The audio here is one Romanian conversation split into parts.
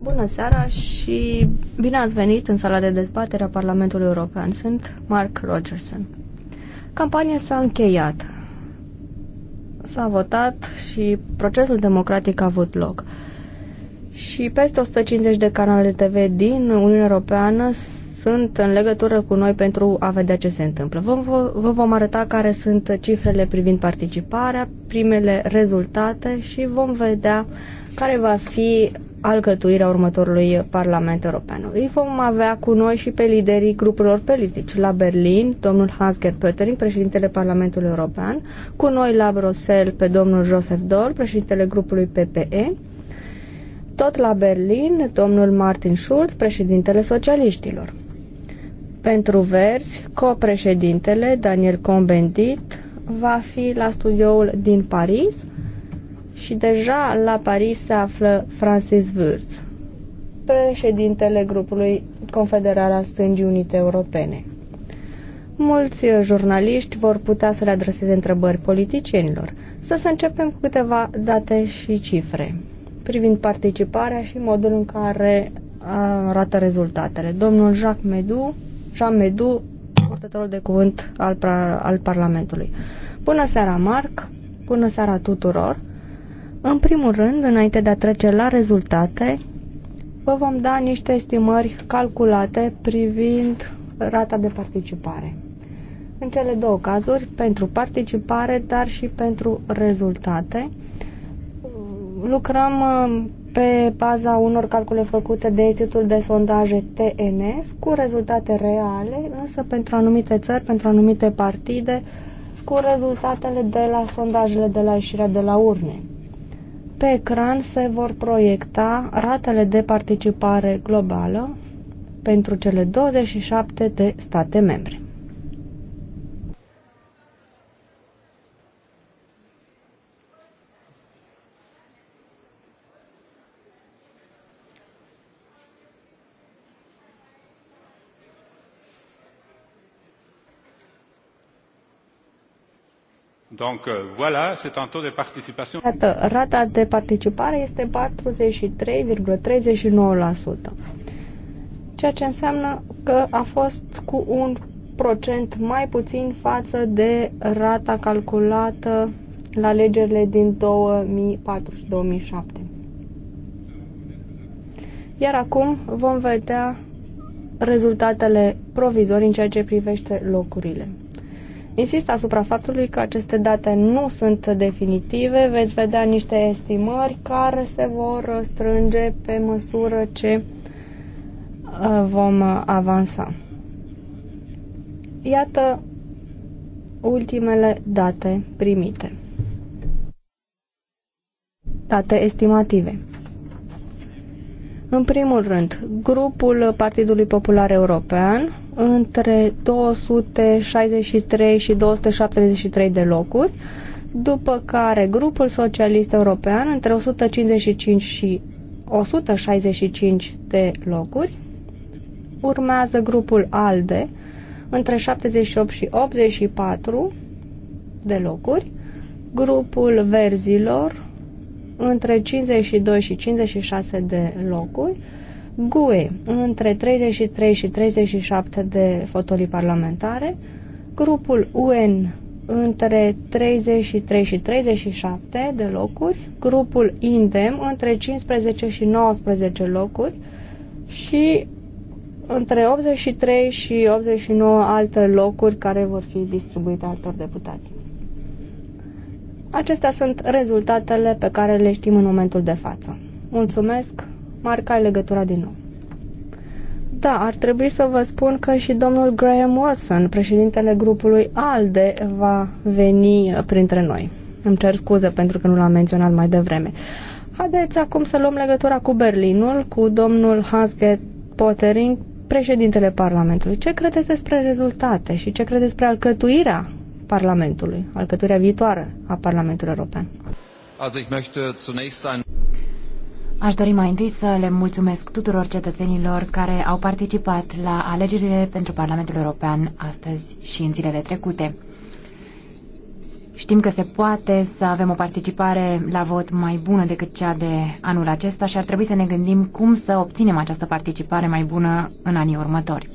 Bună seara și bine ați venit în sala de dezbatere a Parlamentului European. Sunt Mark Rogerson. Campania s-a încheiat. S-a votat și procesul democratic a avut loc. Și peste 150 de canale TV din Uniunea Europeană sunt în legătură cu noi pentru a vedea ce se întâmplă. Vă, vă, vom arăta care sunt cifrele privind participarea, primele rezultate și vom vedea care va fi alcătuirea următorului Parlament European. Îi vom avea cu noi și pe liderii grupurilor politici. La Berlin, domnul hans Pöttering, președintele Parlamentului European, cu noi la Bruxelles pe domnul Joseph Dol, președintele grupului PPE, tot la Berlin, domnul Martin Schulz, președintele socialiștilor. Pentru verzi, copreședintele Daniel Combendit va fi la studioul din Paris, și deja la Paris se află Francis Wurz, președintele grupului Confederal al Stângii Unite Europene. Mulți uh, jurnaliști vor putea să le adreseze întrebări politicienilor. Să să începem cu câteva date și cifre privind participarea și modul în care uh, arată rezultatele. Domnul Jacques Medu, Jean Medu, portătorul de cuvânt al, al Parlamentului. Bună seara, Marc! Bună seara tuturor! În primul rând, înainte de a trece la rezultate, vă vom da niște estimări calculate privind rata de participare. În cele două cazuri, pentru participare, dar și pentru rezultate, lucrăm uh, pe baza unor calcule făcute de Institutul de Sondaje TNS cu rezultate reale, însă pentru anumite țări, pentru anumite partide, cu rezultatele de la sondajele de la ieșirea de la urne. Pe ecran se vor proiecta ratele de participare globală pentru cele 27 de state membre. Donc, euh, voilà, c'est un taux de participation. rata de participare este 43,39%, ceea ce înseamnă că a fost cu un procent mai puțin față de rata calculată la legerile din 2004-2007. Iar acum vom vedea rezultatele provizorii în ceea ce privește locurile. Insist asupra faptului că aceste date nu sunt definitive, veți vedea niște estimări care se vor strânge pe măsură ce uh, vom avansa. Iată ultimele date primite. Date estimative. În primul rând, grupul Partidului Popular European între 263 și 273 de locuri, după care grupul Socialist European între 155 și 165 de locuri, urmează grupul ALDE între 78 și 84 de locuri, grupul Verzilor între 52 și 56 de locuri, GUE între 33 și 37 de fotolii parlamentare, grupul UN între 33 și 37 de locuri, grupul INDEM între 15 și 19 locuri și între 83 și 89 alte locuri care vor fi distribuite altor deputați. Acestea sunt rezultatele pe care le știm în momentul de față. Mulțumesc, Marca, ai legătura din nou. Da, ar trebui să vă spun că și domnul Graham Watson, președintele grupului ALDE, va veni uh, printre noi. Îmi cer scuze pentru că nu l-am menționat mai devreme. Haideți acum să luăm legătura cu Berlinul, cu domnul Hasget Pottering, președintele Parlamentului. Ce credeți despre rezultate și ce credeți despre alcătuirea Parlamentului, alcătuirea viitoare a Parlamentului European. Aș dori mai întâi să le mulțumesc tuturor cetățenilor care au participat la alegerile pentru Parlamentul European astăzi și în zilele trecute. Știm că se poate să avem o participare la vot mai bună decât cea de anul acesta și ar trebui să ne gândim cum să obținem această participare mai bună în anii următori.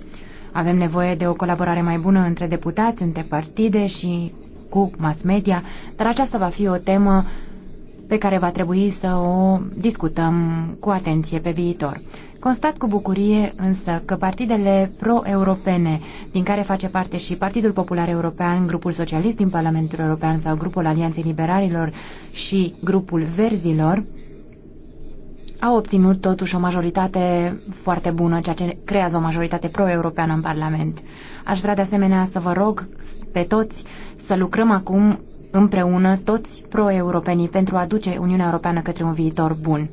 Avem nevoie de o colaborare mai bună între deputați, între partide și cu mass media, dar aceasta va fi o temă pe care va trebui să o discutăm cu atenție pe viitor. Constat cu bucurie însă că partidele pro-europene, din care face parte și Partidul Popular European, Grupul Socialist din Parlamentul European sau Grupul Alianței Liberalilor și Grupul Verzilor, a obținut totuși o majoritate foarte bună, ceea ce creează o majoritate pro-europeană în Parlament. Aș vrea de asemenea să vă rog pe toți să lucrăm acum împreună, toți pro-europenii, pentru a duce Uniunea Europeană către un viitor bun.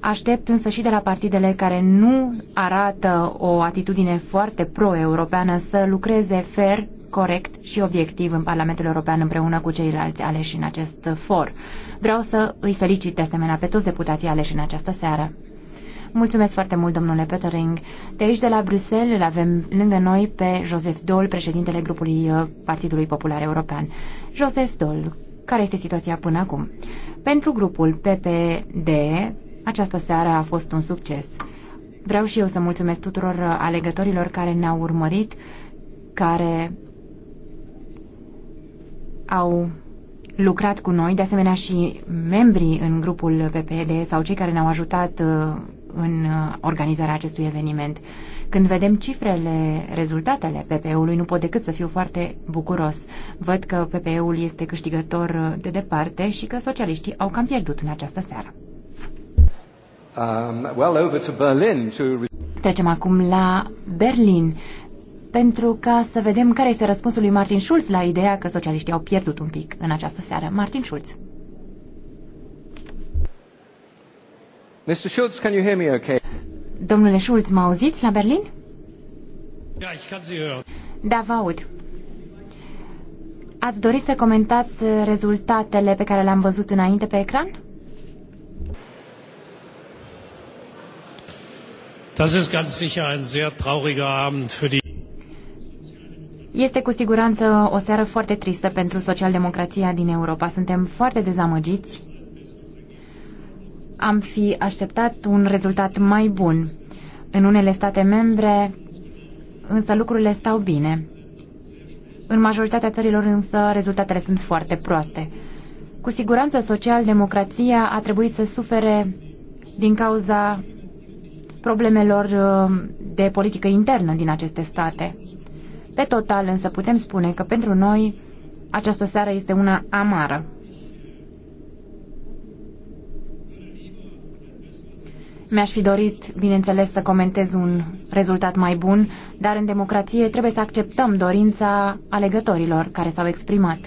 Aștept însă și de la partidele care nu arată o atitudine foarte pro-europeană să lucreze fer corect și obiectiv în Parlamentul European împreună cu ceilalți aleși în acest for. Vreau să îi felicit de asemenea pe toți deputații aleși în această seară. Mulțumesc foarte mult, domnule Petering. De aici, de la Bruxelles, îl avem lângă noi pe Joseph Dol, președintele grupului uh, Partidului Popular European. Joseph Dol, care este situația până acum? Pentru grupul PPD, această seară a fost un succes. Vreau și eu să mulțumesc tuturor uh, alegătorilor care ne-au urmărit, care au lucrat cu noi, de asemenea și membrii în grupul PPD sau cei care ne-au ajutat uh, în uh, organizarea acestui eveniment. Când vedem cifrele, rezultatele PPE-ului, nu pot decât să fiu foarte bucuros. Văd că PPE-ul este câștigător uh, de departe și că socialiștii au cam pierdut în această seară. Um, well, over to Berlin, to... Trecem acum la Berlin pentru ca să vedem care este răspunsul lui Martin Schulz la ideea că socialiștii au pierdut un pic în această seară. Martin Schulz. Mr. Schulz, can you hear me okay? Domnule Schulz, mă auziți la Berlin? Da, ich kann Sie hören. Da, vă aud. Ați dorit să comentați rezultatele pe care le-am văzut înainte pe ecran? Das ist ganz sicher ein sehr trauriger Abend für die este cu siguranță o seară foarte tristă pentru socialdemocrația din Europa. Suntem foarte dezamăgiți. Am fi așteptat un rezultat mai bun. În unele state membre, însă lucrurile stau bine. În majoritatea țărilor însă rezultatele sunt foarte proaste. Cu siguranță socialdemocrația a trebuit să sufere din cauza problemelor uh, de politică internă din aceste state. Pe total însă putem spune că pentru noi această seară este una amară. Mi-aș fi dorit, bineînțeles, să comentez un rezultat mai bun, dar în democrație trebuie să acceptăm dorința alegătorilor care s-au exprimat.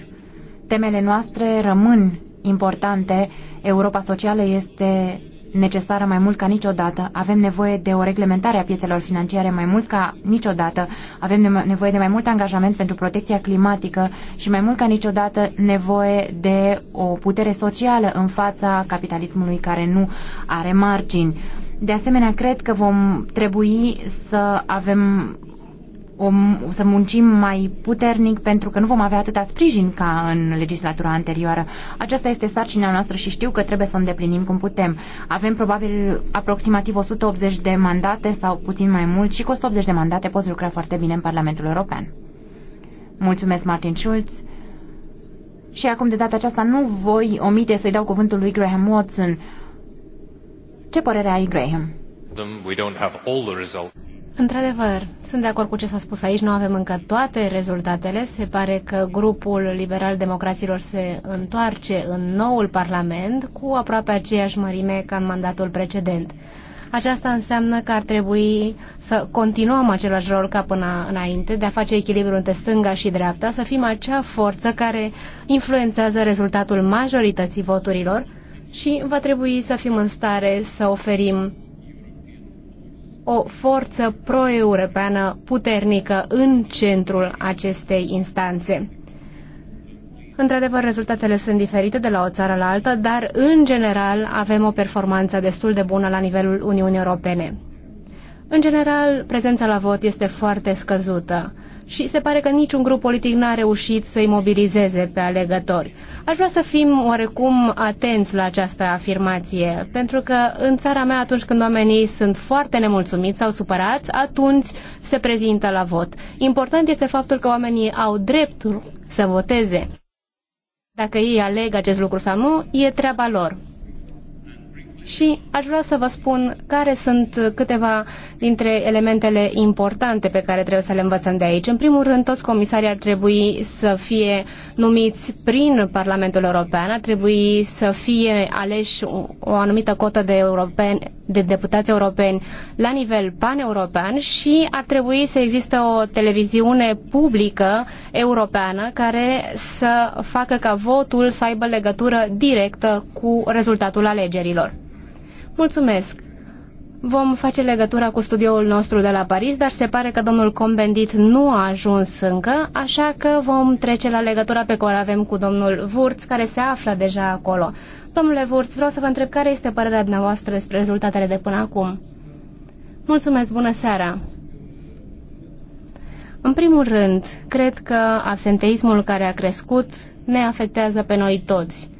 Temele noastre rămân importante. Europa socială este necesară mai mult ca niciodată, avem nevoie de o reglementare a piețelor financiare mai mult ca niciodată, avem nevoie de mai mult angajament pentru protecția climatică și mai mult ca niciodată nevoie de o putere socială în fața capitalismului care nu are margini. De asemenea, cred că vom trebui să avem o, să muncim mai puternic pentru că nu vom avea atâta sprijin ca în legislatura anterioară. Aceasta este sarcina noastră și știu că trebuie să o îndeplinim cum putem. Avem probabil aproximativ 180 de mandate sau puțin mai mult și cu 180 de mandate poți lucra foarte bine în Parlamentul European. Mulțumesc, Martin Schulz. Și acum, de data aceasta, nu voi omite să-i dau cuvântul lui Graham Watson. Ce părere ai, Graham? Într-adevăr, sunt de acord cu ce s-a spus aici, nu avem încă toate rezultatele. Se pare că grupul liberal democraților se întoarce în noul Parlament cu aproape aceeași mărime ca în mandatul precedent. Aceasta înseamnă că ar trebui să continuăm același rol ca până înainte, de a face echilibru între stânga și dreapta, să fim acea forță care influențează rezultatul majorității voturilor și va trebui să fim în stare să oferim o forță pro-europeană puternică în centrul acestei instanțe. Într-adevăr, rezultatele sunt diferite de la o țară la alta, dar, în general, avem o performanță destul de bună la nivelul Uniunii Europene. În general, prezența la vot este foarte scăzută și se pare că niciun grup politic n-a reușit să-i mobilizeze pe alegători. Aș vrea să fim oarecum atenți la această afirmație, pentru că în țara mea atunci când oamenii sunt foarte nemulțumiți sau supărați, atunci se prezintă la vot. Important este faptul că oamenii au dreptul să voteze. Dacă ei aleg acest lucru sau nu, e treaba lor și aș vrea să vă spun care sunt câteva dintre elementele importante pe care trebuie să le învățăm de aici. În primul rând, toți comisarii ar trebui să fie numiți prin Parlamentul European, ar trebui să fie aleși o anumită cotă de, europeni, de deputați europeni la nivel paneuropean și ar trebui să existe o televiziune publică europeană care să facă ca votul să aibă legătură directă cu rezultatul alegerilor. Mulțumesc! Vom face legătura cu studioul nostru de la Paris, dar se pare că domnul Combendit nu a ajuns încă, așa că vom trece la legătura pe care o avem cu domnul Vurț, care se află deja acolo. Domnule Vurț, vreau să vă întreb care este părerea dumneavoastră despre rezultatele de până acum. Mulțumesc, bună seara! În primul rând, cred că absenteismul care a crescut ne afectează pe noi toți.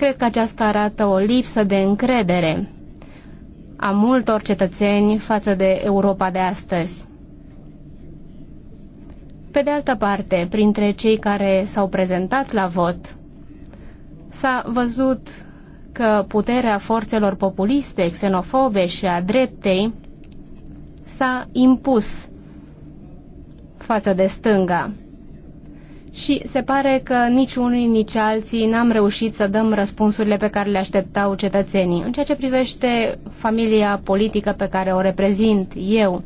Cred că aceasta arată o lipsă de încredere a multor cetățeni față de Europa de astăzi. Pe de altă parte, printre cei care s-au prezentat la vot, s-a văzut că puterea forțelor populiste, xenofobe și a dreptei s-a impus față de stânga și se pare că nici unii, nici alții n-am reușit să dăm răspunsurile pe care le așteptau cetățenii. În ceea ce privește familia politică pe care o reprezint eu,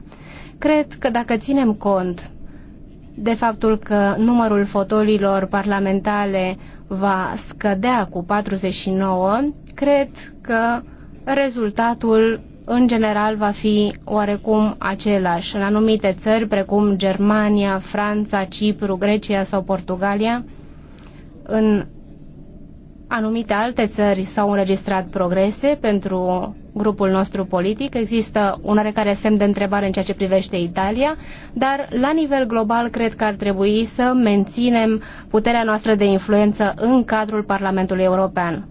cred că dacă ținem cont de faptul că numărul fotolilor parlamentare va scădea cu 49, cred că rezultatul în general va fi oarecum același. În anumite țări, precum Germania, Franța, Cipru, Grecia sau Portugalia, în anumite alte țări s-au înregistrat progrese pentru grupul nostru politic. Există un oarecare semn de întrebare în ceea ce privește Italia, dar la nivel global cred că ar trebui să menținem puterea noastră de influență în cadrul Parlamentului European.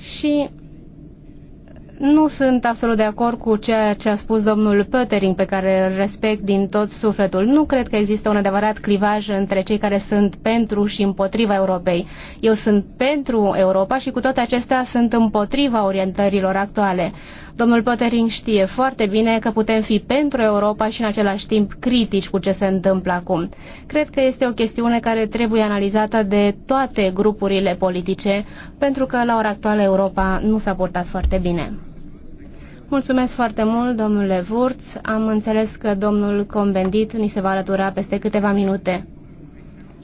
și nu sunt absolut de acord cu ceea ce a spus domnul Pöttering, pe care îl respect din tot sufletul. Nu cred că există un adevărat clivaj între cei care sunt pentru și împotriva Europei. Eu sunt pentru Europa și cu toate acestea sunt împotriva orientărilor actuale. Domnul Pöttering știe foarte bine că putem fi pentru Europa și în același timp critici cu ce se întâmplă acum. Cred că este o chestiune care trebuie analizată de toate grupurile politice, pentru că la ora actuală Europa nu s-a portat foarte bine. Mulțumesc foarte mult, domnule Vurț. Am înțeles că domnul Combendit ni se va alătura peste câteva minute.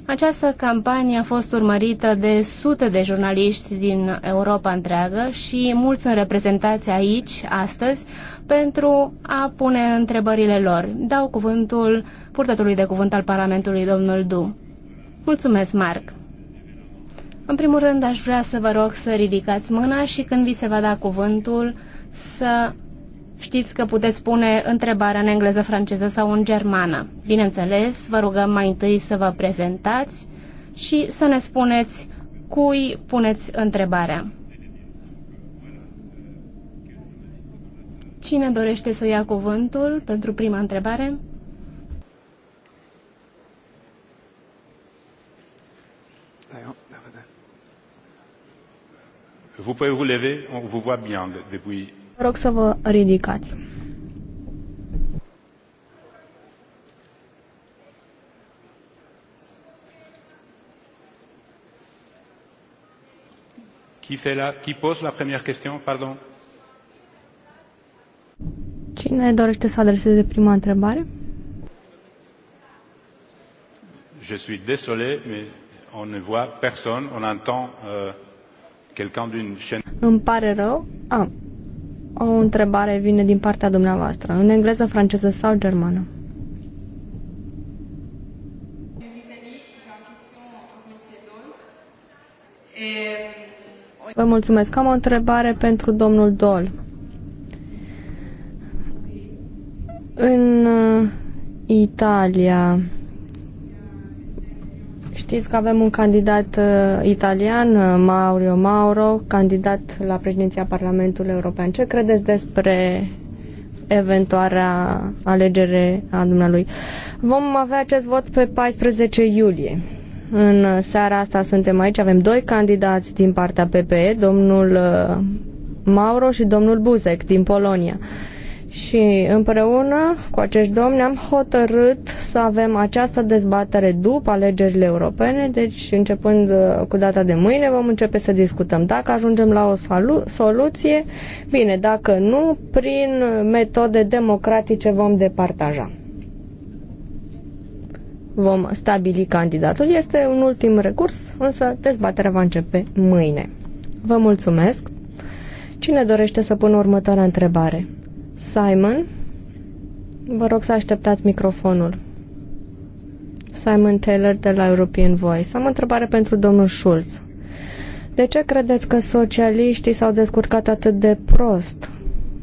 Această campanie a fost urmărită de sute de jurnaliști din Europa întreagă și mulți sunt reprezentați aici, astăzi, pentru a pune întrebările lor. Dau cuvântul purtătorului de cuvânt al Parlamentului, domnul Du. Mulțumesc, Marc. În primul rând, aș vrea să vă rog să ridicați mâna și când vi se va da cuvântul, să știți că puteți pune întrebarea în engleză, franceză sau în germană. Bineînțeles, vă rugăm mai întâi să vă prezentați și să ne spuneți cui puneți întrebarea. Cine dorește să ia cuvântul pentru prima întrebare? Vous pouvez vous lever, on vous voit bien depuis Vă rog să vă ridicați. Qui, fait la, qui pose la première question? Pardon. Cine dorește să adreseze prima întrebare? Je suis désolé, mais on ne voit personne. On entend euh, quelqu'un d'une chaîne. Îmi pare rău. Ah. O întrebare vine din partea dumneavoastră, în engleză, franceză sau germană? Vă mulțumesc. Am o întrebare pentru domnul Dol. În uh, Italia, Știți că avem un candidat uh, italian, uh, Mauro Mauro, candidat la președinția Parlamentului European. Ce credeți despre eventuarea alegere a dumnealui? Vom avea acest vot pe 14 iulie. În seara asta suntem aici, avem doi candidați din partea PPE, domnul uh, Mauro și domnul Buzek din Polonia. Uh, și împreună cu acești domni am hotărât să avem această dezbatere după alegerile europene, deci începând uh, cu data de mâine vom începe să discutăm dacă ajungem la o soluție, bine, dacă nu, prin metode democratice vom departaja. Vom stabili candidatul. Este un ultim recurs, însă dezbaterea va începe mâine. Vă mulțumesc! Cine dorește să pună următoarea întrebare? Simon. Vă rog să așteptați microfonul. Simon Taylor de la European Voice. Am o întrebare pentru domnul Schulz. De ce credeți că socialiștii s-au descurcat atât de prost?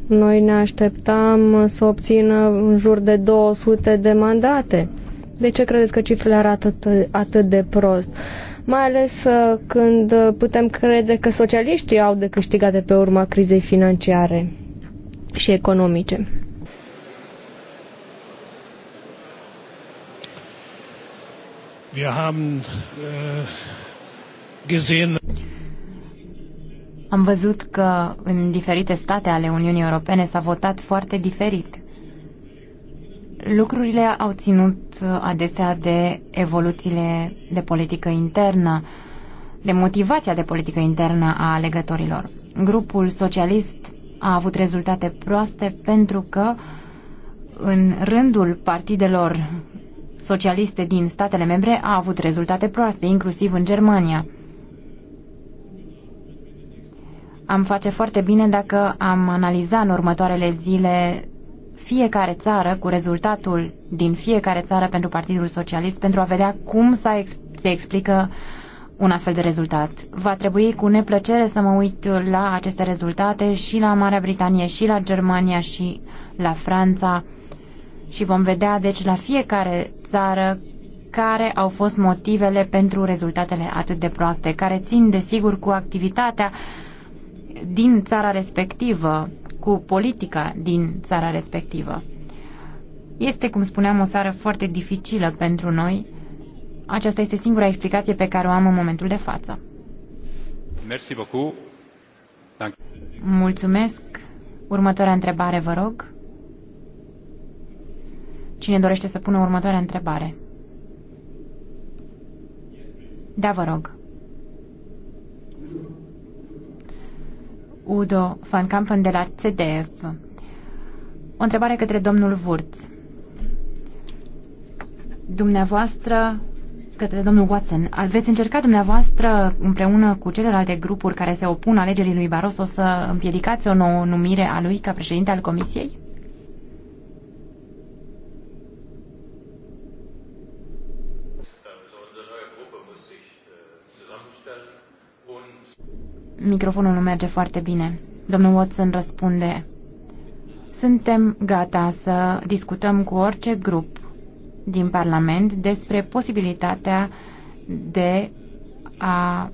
Noi ne așteptam să obțină în jur de 200 de mandate. De ce credeți că cifrele arată atât de prost? Mai ales uh, când putem crede că socialiștii au de câștigat de pe urma crizei financiare și economice. Wir haben äh, gesehen, am văzut că în diferite state ale Uniunii Europene s-a votat foarte diferit. Lucrurile au ținut uh, adesea de evoluțiile de politică internă, de motivația de politică internă a alegătorilor. Grupul socialist a avut rezultate proaste pentru că în rândul partidelor socialiste din statele membre a avut rezultate proaste, inclusiv în Germania. Am face foarte bine dacă am analiza în următoarele zile fiecare țară cu rezultatul din fiecare țară pentru Partidul Socialist pentru a vedea cum se explică un astfel de rezultat. Va trebui cu neplăcere să mă uit la aceste rezultate și la Marea Britanie, și la Germania, și la Franța și vom vedea deci la fiecare țară care au fost motivele pentru rezultatele atât de proaste, care țin desigur cu activitatea din țara respectivă, cu politica din țara respectivă. Este, cum spuneam, o țară foarte dificilă pentru noi aceasta este singura explicație pe care o am în momentul de față. Merci beaucoup. Mulțumesc. Următoarea întrebare, vă rog. Cine dorește să pună următoarea întrebare? Da, vă rog. Udo van Kampen de la CDF. O întrebare către domnul Wurz. Dumneavoastră către domnul Watson, veți încerca dumneavoastră împreună cu celelalte grupuri care se opun alegerii lui Barroso să împiedicați o nouă numire a lui ca președinte al Comisiei? Microfonul nu merge foarte bine. Domnul Watson răspunde. Suntem gata să discutăm cu orice grup din Parlament despre posibilitatea de a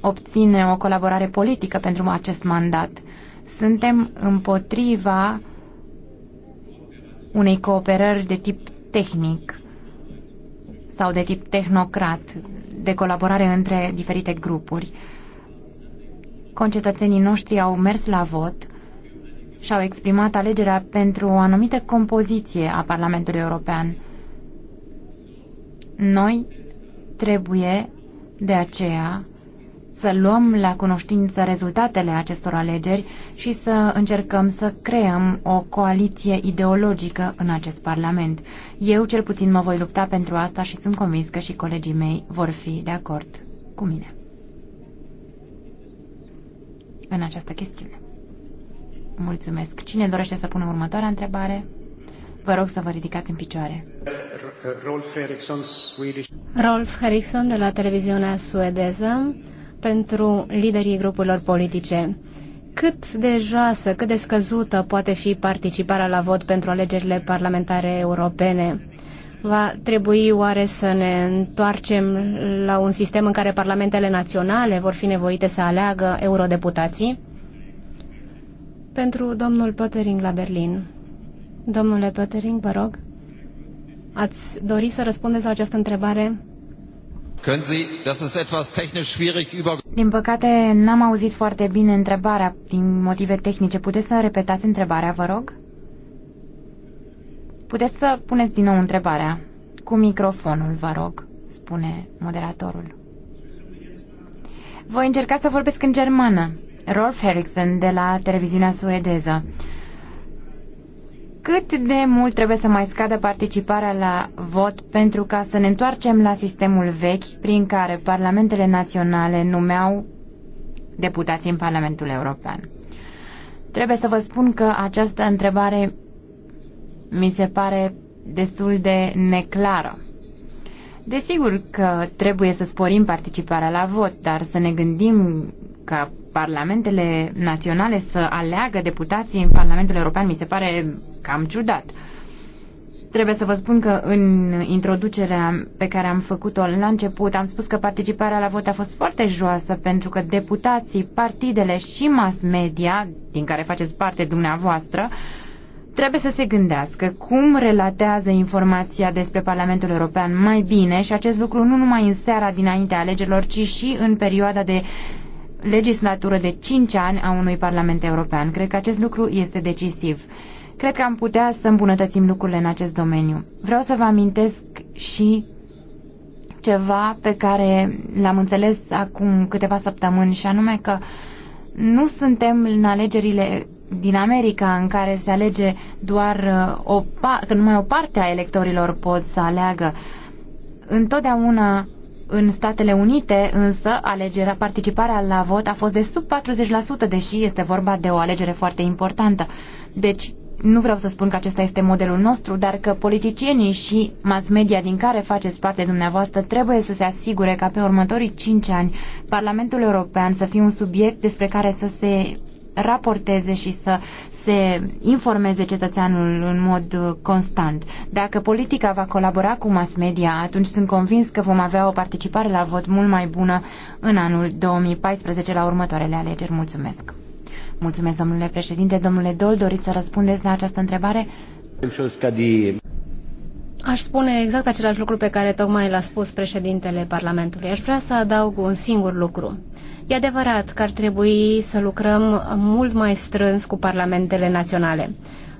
obține o colaborare politică pentru acest mandat. Suntem împotriva unei cooperări de tip tehnic sau de tip tehnocrat, de colaborare între diferite grupuri. Concetățenii noștri au mers la vot și-au exprimat alegerea pentru o anumită compoziție a Parlamentului European. Noi trebuie, de aceea, să luăm la cunoștință rezultatele acestor alegeri și să încercăm să creăm o coaliție ideologică în acest Parlament. Eu cel puțin mă voi lupta pentru asta și sunt convins că și colegii mei vor fi de acord cu mine în această chestiune. Mulțumesc. Cine dorește să pună următoarea întrebare? Vă rog să vă ridicați în picioare. Rolf Eriksson, Swedish. Rolf Eriksson de la televiziunea suedeză pentru liderii grupurilor politice. Cât de joasă, cât de scăzută poate fi participarea la vot pentru alegerile parlamentare europene? Va trebui oare să ne întoarcem la un sistem în care parlamentele naționale vor fi nevoite să aleagă eurodeputații? Pentru domnul Pöttering la Berlin. Domnule Pöttering, vă rog, ați dori să răspundeți la această întrebare? Din păcate, n-am auzit foarte bine întrebarea din motive tehnice. Puteți să repetați întrebarea, vă rog? Puteți să puneți din nou întrebarea. Cu microfonul, vă rog, spune moderatorul. Voi încerca să vorbesc în germană. Rolf Eriksson de la televiziunea suedeză. Cât de mult trebuie să mai scadă participarea la vot pentru ca să ne întoarcem la sistemul vechi prin care parlamentele naționale numeau deputații în Parlamentul European? Trebuie să vă spun că această întrebare mi se pare destul de neclară. Desigur că trebuie să sporim participarea la vot, dar să ne gândim că parlamentele naționale să aleagă deputații în Parlamentul European mi se pare cam ciudat. Trebuie să vă spun că în introducerea pe care am făcut-o la început am spus că participarea la vot a fost foarte joasă pentru că deputații, partidele și mass media, din care faceți parte dumneavoastră, trebuie să se gândească cum relatează informația despre Parlamentul European mai bine și acest lucru nu numai în seara dinaintea alegerilor, ci și în perioada de legislatură de 5 ani a unui Parlament European. Cred că acest lucru este decisiv. Cred că am putea să îmbunătățim lucrurile în acest domeniu. Vreau să vă amintesc și ceva pe care l-am înțeles acum câteva săptămâni și anume că nu suntem în alegerile din America în care se alege doar uh, o parte, că numai o parte a electorilor pot să aleagă. Întotdeauna în Statele Unite, însă, alegerea, participarea la vot a fost de sub 40%, deși este vorba de o alegere foarte importantă. Deci, nu vreau să spun că acesta este modelul nostru, dar că politicienii și mass media din care faceți parte dumneavoastră trebuie să se asigure ca pe următorii 5 ani Parlamentul European să fie un subiect despre care să se raporteze și să se informeze cetățeanul în mod uh, constant. Dacă politica va colabora cu mass media, atunci sunt convins că vom avea o participare la vot mult mai bună în anul 2014 la următoarele alegeri. Mulțumesc! Mulțumesc, domnule președinte. Domnule Dol, doriți să răspundeți la această întrebare? Aș spune exact același lucru pe care tocmai l-a spus președintele Parlamentului. Aș vrea să adaug un singur lucru. E adevărat că ar trebui să lucrăm mult mai strâns cu parlamentele naționale.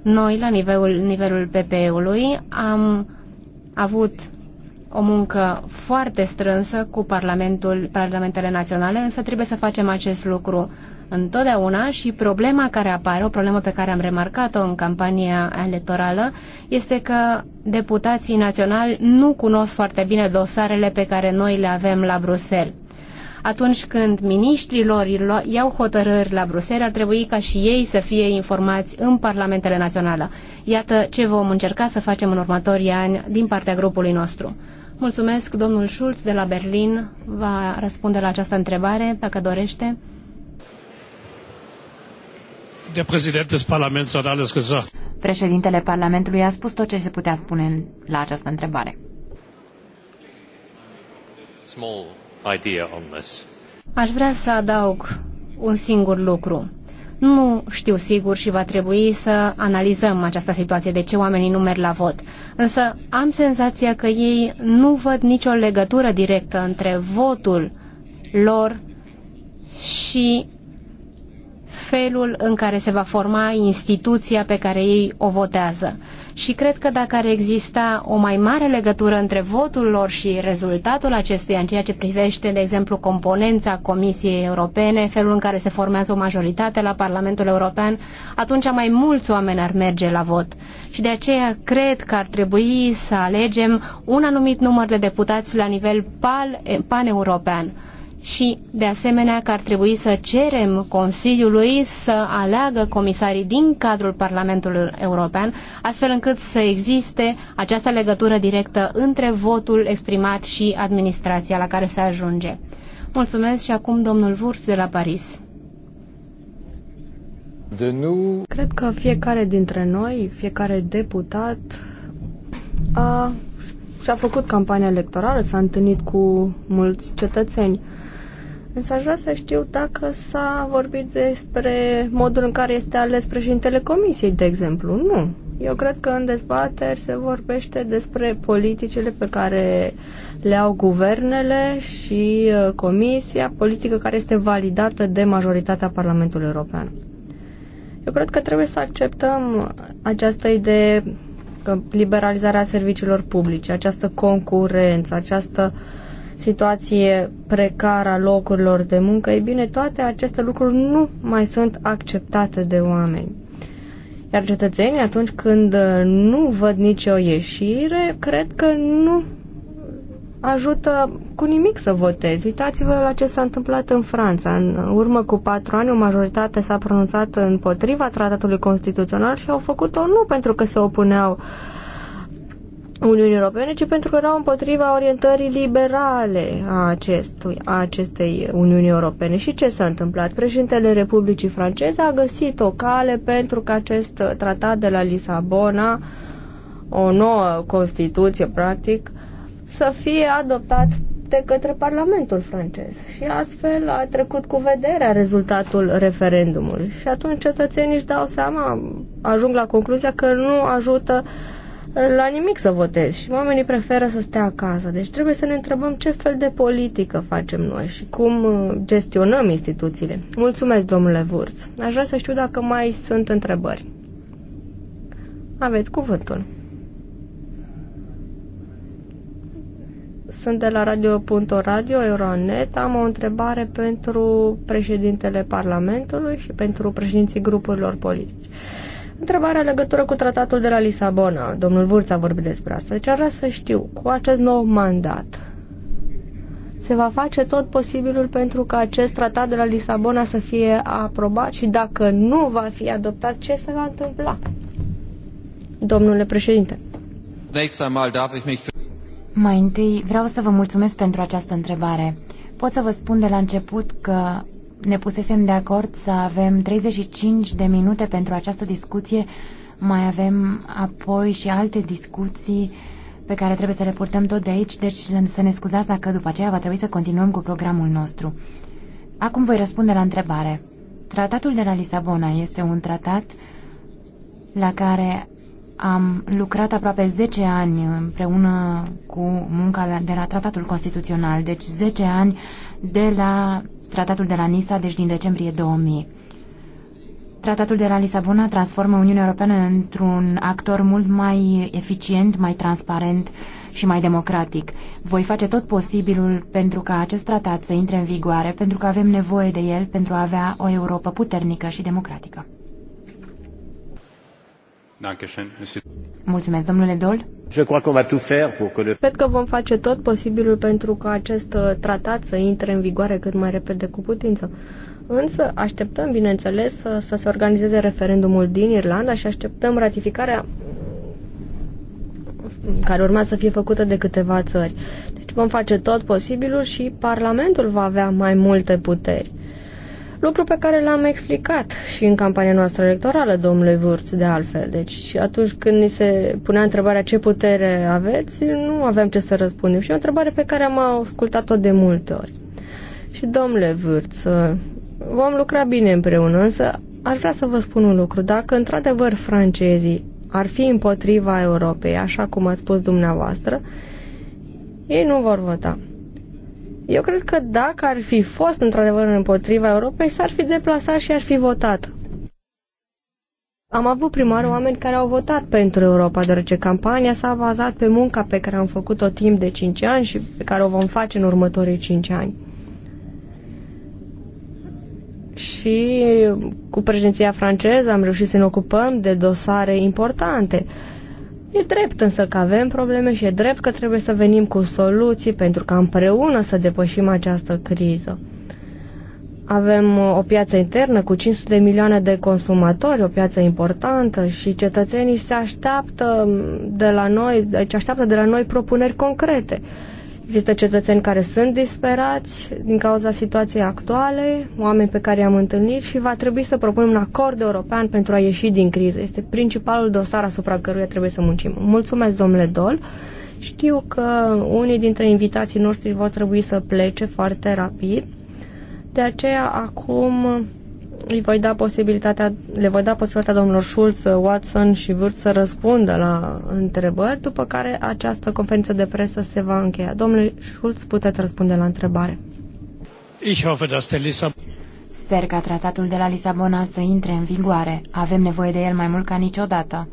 Noi, la nivelul, nivelul PPE-ului, am avut o muncă foarte strânsă cu Parlamentul, Parlamentele Naționale, însă trebuie să facem acest lucru întotdeauna și problema care apare, o problemă pe care am remarcat-o în campania electorală, este că deputații naționali nu cunosc foarte bine dosarele pe care noi le avem la Bruxelles atunci când miniștrii lor iau hotărâri la Bruxelles, ar trebui ca și ei să fie informați în Parlamentele Naționale. Iată ce vom încerca să facem în următorii ani din partea grupului nostru. Mulțumesc, domnul Schulz de la Berlin va răspunde la această întrebare, dacă dorește. Președintele Parlamentului a spus tot ce se putea spune la această întrebare. Small idea on this. Aș vrea să adaug un singur lucru. Nu știu sigur și va trebui să analizăm această situație, de ce oamenii nu merg la vot. Însă am senzația că ei nu văd nicio legătură directă între votul lor și felul în care se va forma instituția pe care ei o votează și cred că dacă ar exista o mai mare legătură între votul lor și rezultatul acestuia în ceea ce privește, de exemplu, componența Comisiei Europene, felul în care se formează o majoritate la Parlamentul European, atunci mai mulți oameni ar merge la vot. Și de aceea cred că ar trebui să alegem un anumit număr de deputați la nivel eh, pan-european și, de asemenea, că ar trebui să cerem Consiliului să aleagă comisarii din cadrul Parlamentului European, astfel încât să existe această legătură directă între votul exprimat și administrația la care se ajunge. Mulțumesc și acum domnul Vurs de la Paris. De nu... Cred că fiecare dintre noi, fiecare deputat, a, și-a făcut campania electorală, s-a întâlnit cu mulți cetățeni. Însă aș vrea să știu dacă s-a vorbit despre modul în care este ales președintele comisiei, de exemplu. Nu. Eu cred că în dezbateri se vorbește despre politicile pe care le au guvernele și uh, comisia, politică care este validată de majoritatea Parlamentului European. Eu cred că trebuie să acceptăm această idee că liberalizarea serviciilor publice, această concurență, această uh, situație precară a locurilor de muncă, ei bine, toate aceste lucruri nu mai sunt acceptate de oameni. Iar cetățenii, atunci când uh, nu văd nicio ieșire, cred că nu ajută cu nimic să votezi. Uitați-vă la ce s-a întâmplat în Franța. În urmă cu patru ani, o majoritate s-a pronunțat împotriva tratatului constituțional și au făcut-o nu pentru că se opuneau uh, Uniunii Europene, ci pentru că erau împotriva orientării liberale a, acestui, a acestei Uniuni Europene. Și ce s-a întâmplat? Președintele Republicii Franceze a găsit o cale pentru că acest tratat de la Lisabona, o nouă Constituție, practic, să fie adoptat de către Parlamentul francez și astfel a trecut cu vederea rezultatul referendumului. Și atunci cetățenii își dau seama, ajung la concluzia că nu ajută uh, la nimic să votezi și oamenii preferă să stea acasă. Deci trebuie să ne întrebăm ce fel de politică facem noi și cum uh, gestionăm instituțiile. Mulțumesc, domnule Vurț. Aș vrea să știu dacă mai sunt întrebări. Aveți cuvântul. Sunt de la radio.radio, .radio, Euronet. Am o întrebare pentru președintele Parlamentului și pentru președinții grupurilor politice întrebarea în legătură cu tratatul de la Lisabona. Domnul Vârț a vorbit despre asta. Deci ar vrea să știu, cu acest nou mandat, se va face tot posibilul pentru ca acest tratat de la Lisabona să fie aprobat și dacă nu va fi adoptat, ce se va întâmpla? Domnule președinte. Mai întâi vreau să vă mulțumesc pentru această întrebare. Pot să vă spun de la început că ne pusesem de acord să avem 35 de minute pentru această discuție. Mai avem apoi și alte discuții pe care trebuie să le purtăm tot de aici, deci să ne scuzați dacă după aceea va trebui să continuăm cu programul nostru. Acum voi răspunde la întrebare. Tratatul de la Lisabona este un tratat la care am lucrat aproape 10 ani împreună cu munca de la Tratatul Constituțional, deci 10 ani de la tratatul de la Nisa, deci din decembrie 2000. Tratatul de la Lisabona transformă Uniunea Europeană într-un actor mult mai eficient, mai transparent și mai democratic. Voi face tot posibilul pentru ca acest tratat să intre în vigoare, pentru că avem nevoie de el pentru a avea o Europa puternică și democratică. Mulțumesc, domnule Dol. Cred că vom face tot posibilul pentru ca acest uh, tratat să intre în vigoare cât mai repede cu putință. Însă așteptăm, bineînțeles, să, să se organizeze referendumul din Irlanda și așteptăm ratificarea mm, care urma să fie făcută de câteva țări. Deci vom face tot posibilul și Parlamentul va avea mai multe puteri lucru pe care l-am explicat și în campania noastră electorală, domnule Vurț, de altfel. Deci atunci când ni se punea întrebarea ce putere aveți, nu aveam ce să răspundem. Și o întrebare pe care am ascultat-o de multe ori. Și domnule Vârț, vom lucra bine împreună, însă aș vrea să vă spun un lucru. Dacă într-adevăr francezii ar fi împotriva Europei, așa cum ați spus dumneavoastră, ei nu vor vota. Eu cred că dacă ar fi fost într-adevăr împotriva Europei, s-ar fi deplasat și ar fi votat. Am avut primar oameni care au votat pentru Europa, deoarece campania s-a bazat pe munca pe care am făcut-o timp de 5 ani și pe care o vom face în următorii 5 ani. Și cu președinția franceză am reușit să ne ocupăm de dosare importante. Uh, E drept însă că avem probleme și e drept că trebuie să venim cu soluții pentru ca împreună să depășim această criză. Avem uh, o piață internă cu 500 de milioane de consumatori, o piață importantă și cetățenii se așteaptă mm, de la noi, deci așteaptă de la noi propuneri concrete. Uh, Există cetățeni care sunt disperați din cauza situației actuale, oameni pe care i-am întâlnit și va trebui să propunem un acord european pentru a ieși din criză. Este principalul dosar asupra căruia trebuie să muncim. Mulțumesc, domnule Dol. Știu că unii dintre invitații noștri vor trebui să plece foarte rapid. De aceea, acum îi voi da posibilitatea, le voi da posibilitatea domnilor Schulz, Watson și Wirt să răspundă la întrebări, după care această conferință de presă se va încheia. Domnule Schulz, puteți răspunde la întrebare. Ich hoffe, dass der Lissab- Sper ca tratatul de la Lisabona să intre în vigoare. Avem nevoie de el mai mult ca niciodată.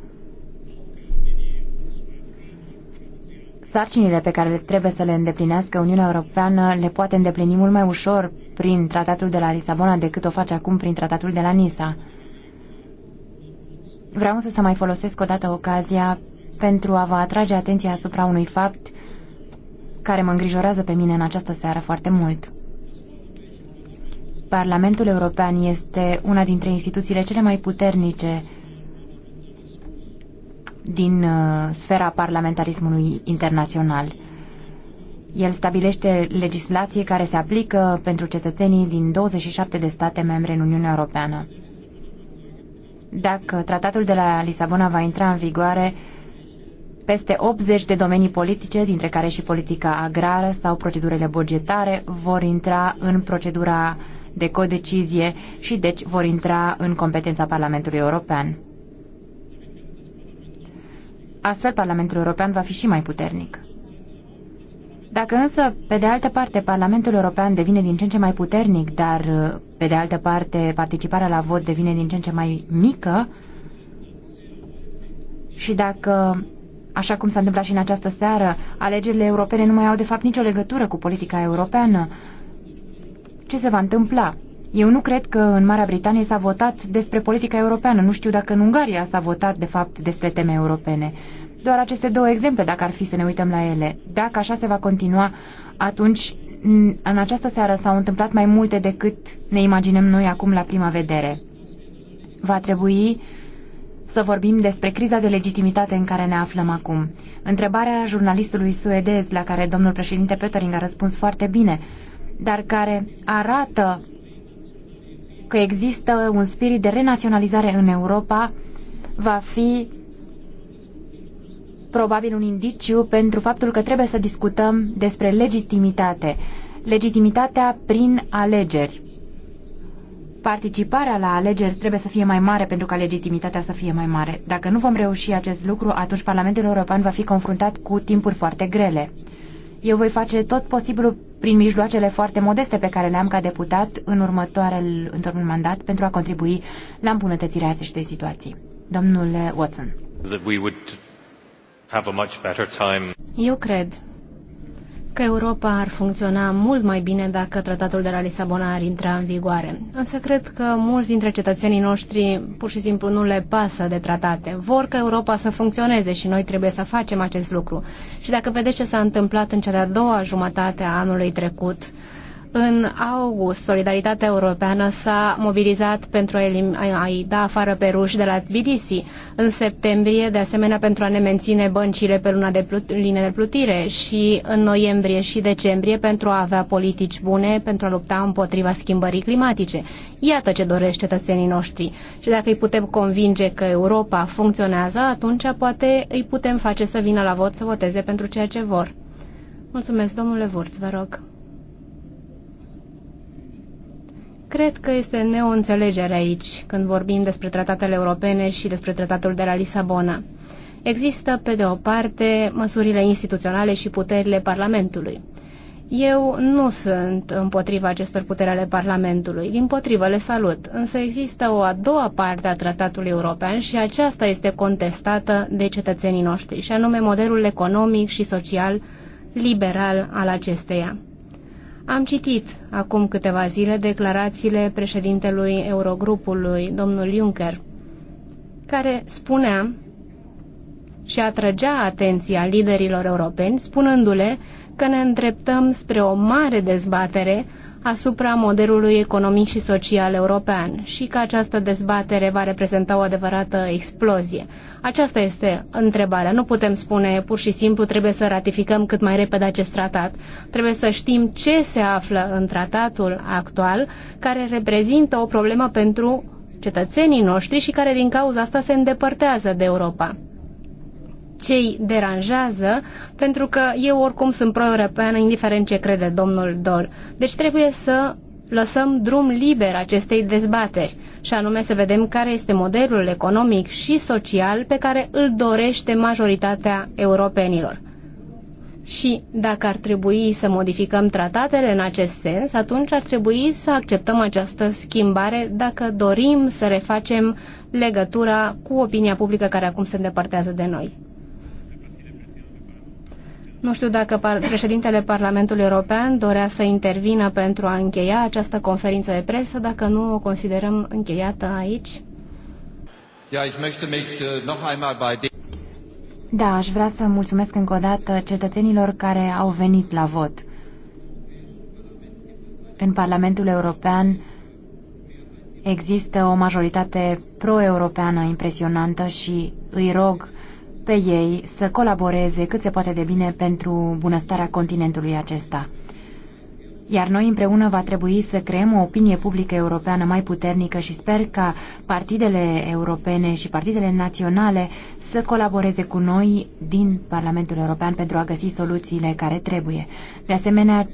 Sarcinile pe care trebuie să le îndeplinească Uniunea Europeană le poate îndeplini mult mai ușor prin tratatul de la Lisabona decât o face acum prin tratatul de la Nisa. Vreau să mai folosesc o dată ocazia pentru a vă atrage atenția asupra unui fapt care mă îngrijorează pe mine în această seară foarte mult. Parlamentul European este una dintre instituțiile cele mai puternice din uh, sfera parlamentarismului internațional. El stabilește legislație care se aplică pentru cetățenii din 27 de state membre în Uniunea Europeană. Dacă tratatul de la Lisabona va intra în vigoare, peste 80 de domenii politice, dintre care și politica agrară sau procedurile bugetare, vor intra în procedura de codecizie și deci vor intra în competența Parlamentului European. Astfel, Parlamentul European va fi și mai puternic. Dacă însă, pe de altă parte, Parlamentul European devine din ce în ce mai puternic, dar pe de altă parte participarea la vot devine din ce în ce mai mică și dacă, așa cum s-a întâmplat și în această seară, alegerile europene nu mai au de fapt nicio legătură cu politica europeană, ce se va întâmpla? Eu nu cred că în Marea Britanie s-a votat despre politica europeană. Nu știu dacă în Ungaria s-a votat, de fapt, despre teme europene doar aceste două exemple, dacă ar fi să ne uităm la ele. Dacă așa se va continua, atunci în această seară s-au întâmplat mai multe decât ne imaginăm noi acum la prima vedere. Va trebui să vorbim despre criza de legitimitate în care ne aflăm acum. Întrebarea jurnalistului suedez, la care domnul președinte Petering a răspuns foarte bine, dar care arată că există un spirit de renaționalizare în Europa, va fi probabil un indiciu pentru faptul că trebuie să discutăm despre legitimitate. Legitimitatea prin alegeri. Participarea la alegeri trebuie să fie mai mare pentru ca legitimitatea să fie mai mare. Dacă nu vom reuși acest lucru, atunci Parlamentul European va fi confruntat cu timpuri foarte grele. Eu voi face tot posibilul prin mijloacele foarte modeste pe care le-am ca deputat în următoarel într-un mandat pentru a contribui la îmbunătățirea acestei situații. Domnule Watson have a much better time. Eu cred că Europa ar funcționa mult mai bine dacă tratatul de la Lisabona ar intra în vigoare. Însă cred că mulți dintre cetățenii noștri pur și simplu nu le pasă de tratate. Vor ca Europa să funcționeze și noi trebuie să facem acest lucru. Și dacă vedeți ce s-a întâmplat în cea de-a doua jumătate a anului trecut, în august, Solidaritatea Europeană s-a mobilizat pentru a-i da afară pe ruși de la Tbilisi. În septembrie, de asemenea, pentru a ne menține băncile pe luna de plut- de plutire și în noiembrie și decembrie pentru a avea politici bune pentru a lupta împotriva schimbării climatice. Iată ce doresc cetățenii noștri. Și dacă îi putem convinge că Europa funcționează, atunci poate îi putem face să vină la vot să voteze pentru ceea ce vor. Mulțumesc, domnule Vurț, vă rog. Cred că este neoînțelegere aici când vorbim despre tratatele europene și despre tratatul de la Lisabona. Există, pe de o parte, măsurile instituționale și puterile Parlamentului. Eu nu sunt împotriva acestor puteri ale Parlamentului, din potrivă le salut, însă există o a doua parte a tratatului european și aceasta este contestată de cetățenii noștri, și anume modelul economic și social liberal al acesteia. Am citit acum câteva zile declarațiile președintelui Eurogrupului, domnul Juncker, care spunea și atrăgea atenția liderilor europeni, spunându-le că ne îndreptăm spre o mare dezbatere asupra modelului economic și social european și că această dezbatere va reprezenta o adevărată explozie. Aceasta este întrebarea. Nu putem spune pur și simplu trebuie să ratificăm cât mai repede acest tratat. Trebuie să știm ce se află în tratatul actual care reprezintă o problemă pentru cetățenii noștri și care din cauza asta se îndepărtează de Europa cei deranjează, pentru că eu oricum sunt pro european indiferent ce crede domnul Dol. Deci trebuie să lăsăm drum liber acestei dezbateri, și anume să vedem care este modelul economic și social pe care îl dorește majoritatea europenilor. Și dacă ar trebui să modificăm tratatele în acest sens, atunci ar trebui să acceptăm această schimbare dacă dorim să refacem legătura cu opinia publică care acum se îndepărtează de noi. Nu știu dacă par președintele Parlamentului European dorea să intervină pentru a încheia această conferință de presă, dacă nu o considerăm încheiată aici. Ja, ich möchte mich äh, noch einmal bei da, aș vrea să mulțumesc încă o dată cetățenilor care au venit la vot. În Parlamentul European există o majoritate pro-europeană impresionantă și îi rog pe ei să colaboreze cât se poate de bine pentru bunăstarea continentului acesta. Iar noi împreună va trebui să creăm o opinie publică europeană mai puternică și sper ca partidele europene și partidele naționale să colaboreze cu noi din Parlamentul European pentru a găsi soluțiile care trebuie. De asemenea,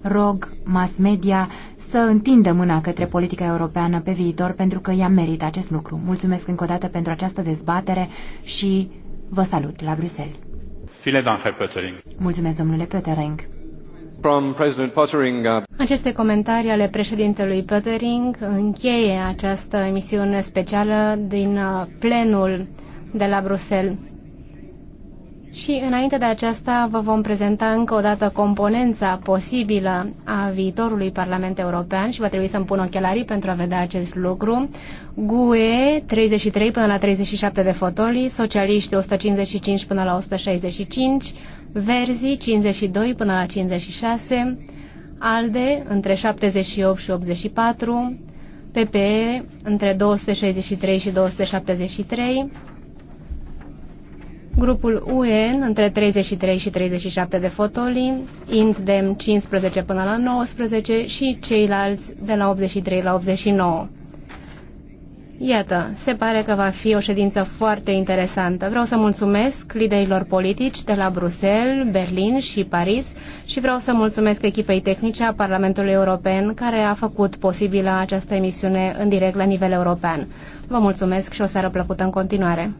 rog mass media să întindă mâna către politica europeană pe viitor pentru că ea merită acest lucru. Mulțumesc încă o dată pentru această dezbatere și vă salut la Bruxelles. Mulțumesc, domnule Pöttering. Uh, Aceste comentarii ale președintelui Pöttering încheie această emisiune specială din uh, plenul de la Bruxelles. Și înainte de aceasta vă vom prezenta încă o dată componența posibilă a viitorului Parlament European și va trebui să-mi pun ochelarii pentru a vedea acest lucru. GUE 33 până la 37 de fotolii, socialiști 155 până la 165, Verzi 52 până la 56, ALDE între 78 și 84, PPE între 263 și 273, Grupul UN între 33 și 37 de fotolii, INTDEM 15 până la 19 și ceilalți de la 83 la 89. Iată, se pare că va fi o ședință foarte interesantă. Vreau să mulțumesc liderilor politici de la Bruxelles, Berlin și Paris și vreau să mulțumesc echipei tehnice a Parlamentului European care a făcut posibilă această emisiune în direct la nivel european. Vă mulțumesc și o seară plăcută în continuare.